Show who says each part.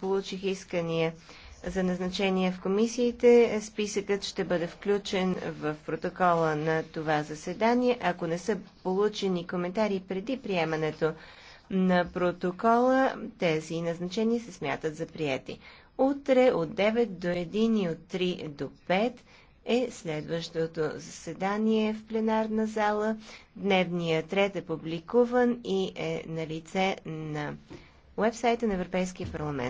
Speaker 1: получих искания за назначение в комисиите. Списъкът ще бъде включен в протокола на това заседание. Ако не са получени коментари преди приемането на протокола, тези назначения се смятат за прияти. Утре от 9 до 1 и от 3 до 5 е следващото заседание в пленарна зала. Дневният ред е публикуван и е на лице на вебсайта на Европейския
Speaker 2: парламент.